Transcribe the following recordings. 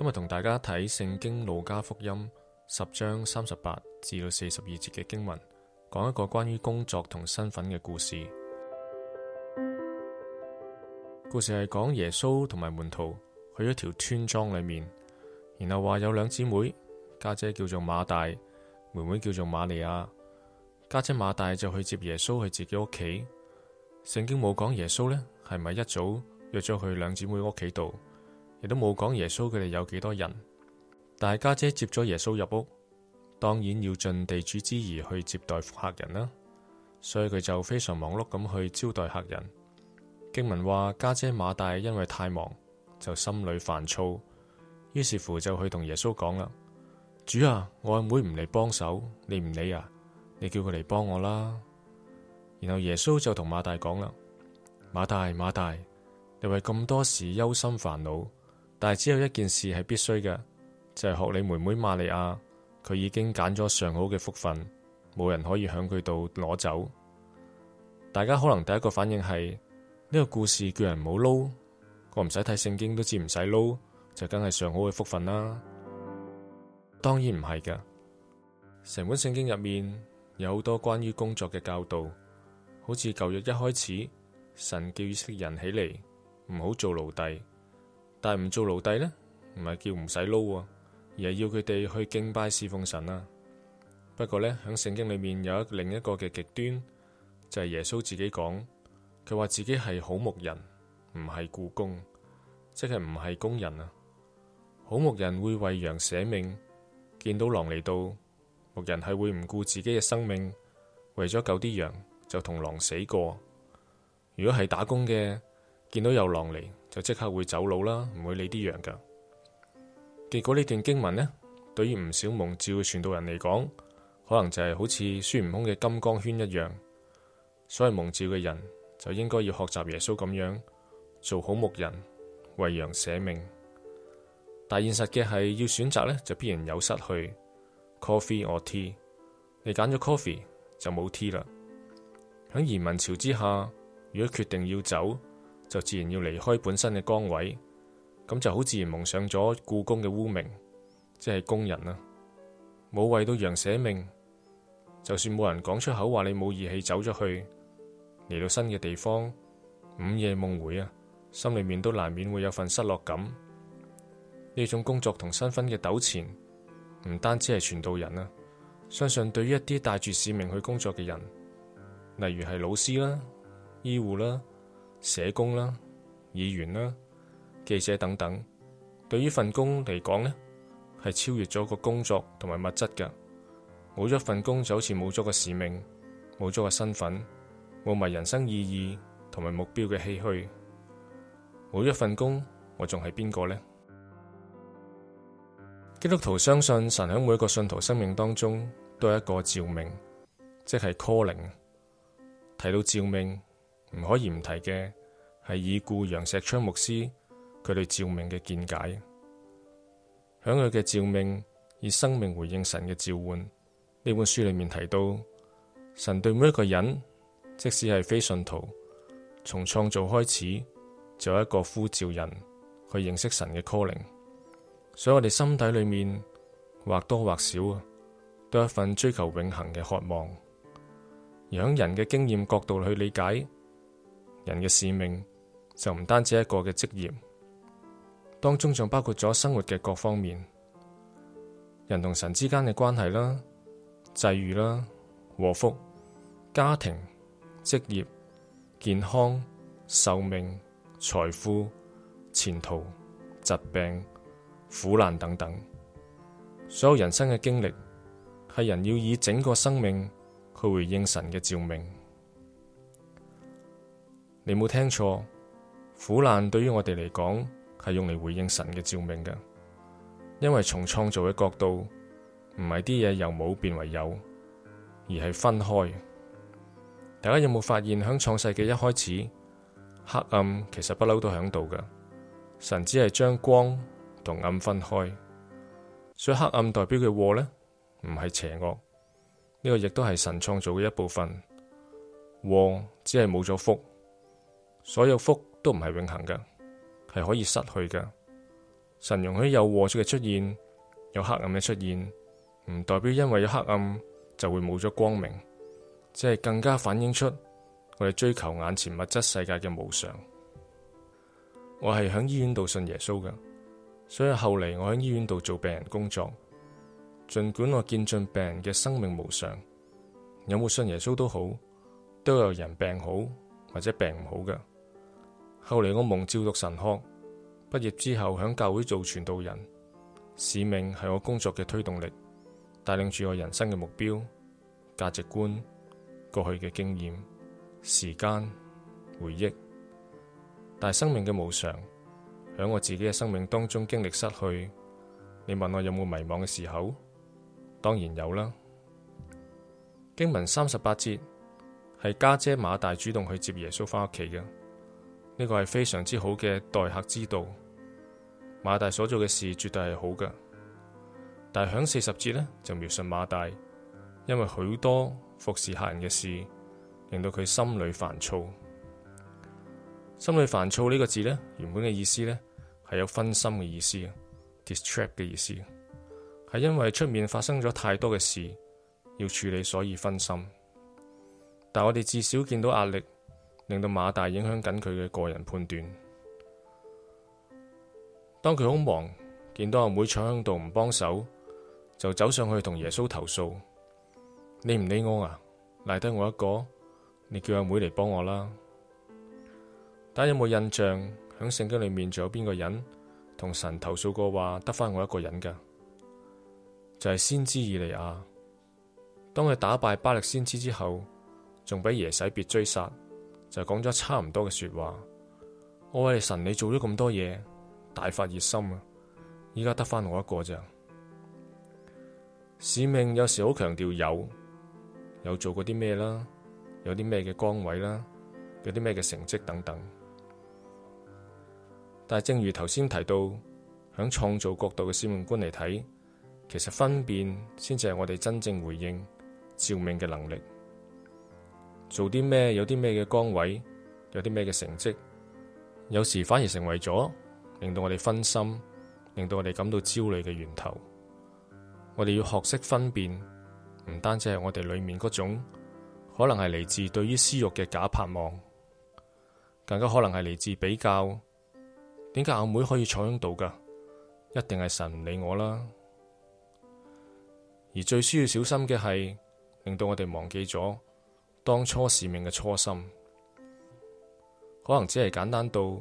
今日同大家睇聖經路加福音十章三十八至到四十二節嘅經文，講一個關於工作同身份嘅故事。故事係講耶穌同埋門徒去一條村莊裏面，然後話有兩姊妹，家姐叫做馬大，妹妹叫做馬利亞。家姐馬大就去接耶穌去自己屋企。聖經冇講耶穌呢係咪一早約咗去兩姊妹屋企度？亦都冇講耶穌佢哋有幾多人，但係家姐接咗耶穌入屋，當然要盡地主之誼去接待客人啦，所以佢就非常忙碌咁去招待客人。經文話家姐馬大因為太忙就心裏煩躁，於是乎就去同耶穌講啦：主啊，我阿妹唔嚟幫手，你唔理啊？你叫佢嚟幫我啦。然後耶穌就同馬大講啦：馬大，馬大，你為咁多事憂心煩惱。但係只有一件事係必須嘅，就係、是、學你妹妹瑪利亞，佢已經揀咗上好嘅福分，冇人可以響佢度攞走。大家可能第一個反應係呢、這個故事叫人唔好撈，我唔使睇聖經都知唔使撈，就梗係上好嘅福分啦。當然唔係噶，成本聖經入面有好多關於工作嘅教導，好似舊約一開始，神叫以色列人起嚟，唔好做奴隸。但係唔做奴隸呢，唔係叫唔使撈喎，而係要佢哋去敬拜侍奉神啦、啊。不過呢，喺聖經裏面有一另一個嘅極端，就係、是、耶穌自己講，佢話自己係好牧人，唔係雇工，即係唔係工人啊。好牧人會為羊捨命，見到狼嚟到，牧人係會唔顧自己嘅生命，為咗救啲羊就同狼死過。如果係打工嘅，見到有狼嚟。就即刻會走佬啦，唔會理啲羊噶。結果呢段經文呢，對於唔少蒙召嘅傳道人嚟講，可能就係好似孫悟空嘅金光圈一樣。所以蒙召嘅人就應該要學習耶穌咁樣做好牧人，為羊捨命。但現實嘅係要選擇呢，就必然有失去。Coffee or tea？你揀咗 coffee 就冇 tea 啦。喺移民潮之下，如果決定要走，就自然要離開本身嘅崗位，咁就好自然蒙上咗故宮嘅污名，即係工人啦、啊。冇為到羊捨命，就算冇人講出口話你冇義氣走咗去，嚟到新嘅地方，午夜夢回啊，心裏面都難免會有份失落感。呢種工作同身份嘅糾纏，唔單止係傳道人啦、啊，相信對於一啲帶住使命去工作嘅人，例如係老師啦、醫護啦。社工啦、議員啦、記者等等，對於份工嚟講呢係超越咗個工作同埋物質噶冇咗份工就好似冇咗個使命、冇咗個身份、冇埋人生意義同埋目標嘅唏噓。冇咗份工，我仲係邊個呢？基督徒相信神喺每一個信徒生命當中都有一個召命，即係 calling。提到召命，唔可以唔提嘅係已故楊石昌牧師佢對召命嘅見解，響佢嘅召命以生命回應神嘅召喚呢本書裏面提到，神對每一個人，即使係非信徒，從創造開始就有一個呼召人去認識神嘅 calling，所以我哋心底裏面或多或少啊，都有一份追求永恆嘅渴望，而響人嘅經驗角度去理解。人嘅使命就唔單止一個嘅職業，當中仲包括咗生活嘅各方面，人同神之間嘅關係啦，際遇啦，禍福、家庭、職業、健康、壽命、財富、前途、疾病、苦難等等，所有人生嘅經歷，係人要以整個生命去回應神嘅召命。你冇聽錯，苦難對於我哋嚟講係用嚟回應神嘅照明嘅。因為從創造嘅角度，唔係啲嘢由冇變為有，而係分開。大家有冇發現？響創世紀一開始，黑暗其實不嬲都響度嘅。神只係將光同暗分開，所以黑暗代表嘅禍呢，唔係邪惡呢、這個，亦都係神創造嘅一部分。禍只係冇咗福。所有福都唔係永恒嘅，係可以失去嘅。神容許有禍出嘅出現，有黑暗嘅出現，唔代表因為有黑暗就會冇咗光明，即係更加反映出我哋追求眼前物質世界嘅無常。我係響醫院度信耶穌嘅，所以後嚟我響醫院度做病人工作，盡管我見盡病人嘅生命無常，有冇信耶穌都好，都有人病好或者病唔好嘅。後嚟我蒙召讀神學，畢業之後響教會做傳道人，使命係我工作嘅推動力，帶領住我人生嘅目標、價值觀、過去嘅經驗、時間、回憶，但係生命嘅無常響我自己嘅生命當中經歷失去，你問我有冇迷茫嘅時候？當然有啦。經文三十八節係家姐，姐馬大主動去接耶穌翻屋企嘅。呢個係非常之好嘅待客之道。馬大所做嘅事絕對係好噶，但響四十節呢，就描述馬大，因為許多服侍客人嘅事，令到佢心裏煩躁。心裏煩躁呢個字呢，原本嘅意思呢，係有分心嘅意思啊，distract 嘅意思，係因為出面發生咗太多嘅事要處理，所以分心。但我哋至少見到壓力。令到馬大影響緊佢嘅個人判斷。當佢好忙，見到阿妹坐響度唔幫手，就走上去同耶穌投訴：你唔理我啊，賴低我一個，你叫阿妹嚟幫我啦。大家有冇印象響聖經裏面，仲有邊個人同神投訴過話得翻我一個人嘅？就係先知以利亞。當佢打敗巴力先知之後，仲俾耶洗別追殺。就講咗差唔多嘅說話，我為神你做咗咁多嘢，大發熱心啊！依家，得翻我一個咋。使命有時好強調有，有做過啲咩啦，有啲咩嘅崗位啦，有啲咩嘅成績等等。但係正如頭先提到，響創造角度嘅使命觀嚟睇，其實分辨先至係我哋真正回應召命嘅能力。做啲咩，有啲咩嘅崗位，有啲咩嘅成績，有時反而成為咗令到我哋分心，令到我哋感到焦慮嘅源頭。我哋要學識分辨，唔單止係我哋裏面嗰種可能係嚟自對於私欲嘅假盼望，更加可能係嚟自比較。點解我妹可以坐響度噶？一定係神唔理我啦。而最需要小心嘅係令到我哋忘記咗。當初使命嘅初心，可能只係簡單到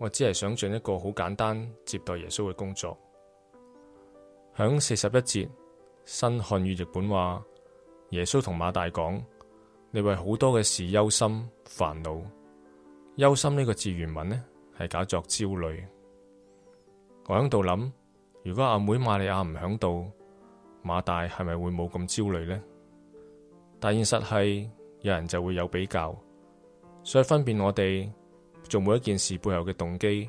我只係想做一個好簡單接待耶穌嘅工作。響四十一節新漢語譯本話，耶穌同馬大講：你為好多嘅事憂心煩惱。憂心呢個字原文呢係搞作焦慮。我喺度諗，如果阿妹馬利亞唔響度，馬大係咪會冇咁焦慮呢？但現實係。有人就會有比較，所以分辨我哋做每一件事背後嘅動機，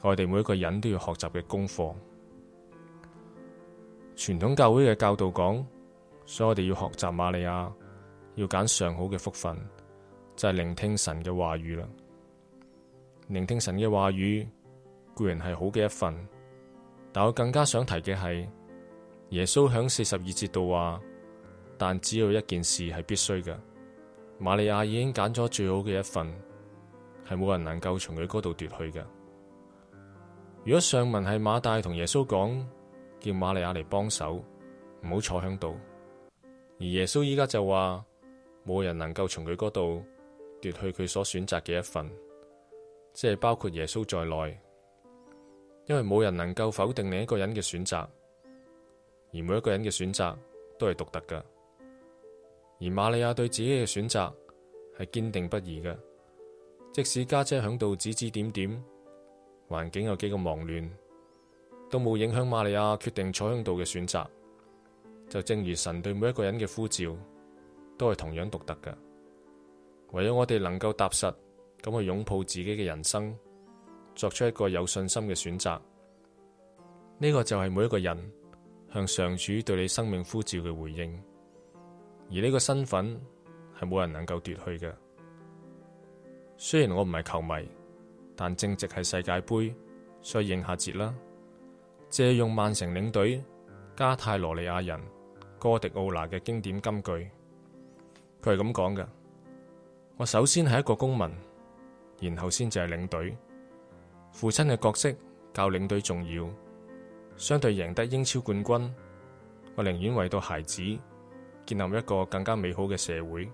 我哋每一個人都要學習嘅功課。傳統教會嘅教導講，所以我哋要學習馬利亞，要揀上好嘅福分，就係、是、聆聽神嘅話語啦。聆聽神嘅話語固然係好嘅一份，但我更加想提嘅係耶穌響四十二節度話，但只有一件事係必須嘅。瑪利亞已經揀咗最好嘅一份，係冇人能夠從佢嗰度奪去嘅。如果上文係馬大同耶穌講，叫瑪利亞嚟幫手，唔好坐喺度。而耶穌依家就話，冇人能夠從佢嗰度奪去佢所選擇嘅一份，即係包括耶穌在內，因為冇人能夠否定另一個人嘅選擇，而每一個人嘅選擇都係獨特㗎。而瑪利亞對自己嘅選擇係堅定不移嘅，即使家姐響度指指點點，環境有幾個忙亂，都冇影響瑪利亞決定坐響度嘅選擇。就正如神對每一個人嘅呼召，都係同樣獨特嘅。唯有我哋能夠踏實咁去擁抱自己嘅人生，作出一個有信心嘅選擇，呢個就係每一個人向上主對你生命呼召嘅回應。而呢個身份係冇人能夠奪去嘅。雖然我唔係球迷，但正值係世界盃，所以應下節啦。借用曼城領隊加泰羅尼亞人哥迪奧拿嘅經典金句，佢係咁講㗎：我首先係一個公民，然後先至係領隊。父親嘅角色較領隊重要，相對贏得英超冠軍，我寧願為到孩子建立一個更加美好嘅社會。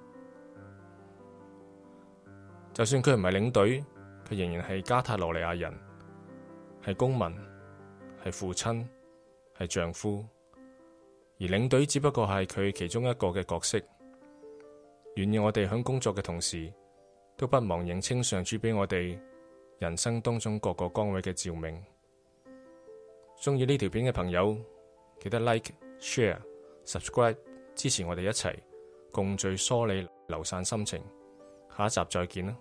就算佢唔係領隊，佢仍然係加泰羅利亞人加泰羅尼亞人，係公民，係父親，係丈夫，而領隊只不過係佢其中一個嘅角色。願意我哋響工作嘅同時，都不忘認清上主俾我哋人生當中各個崗位嘅照明。鍾意呢條片嘅朋友，記得 like、share、subscribe。支持我哋一齊共聚梳理流散心情，下一集再見啦！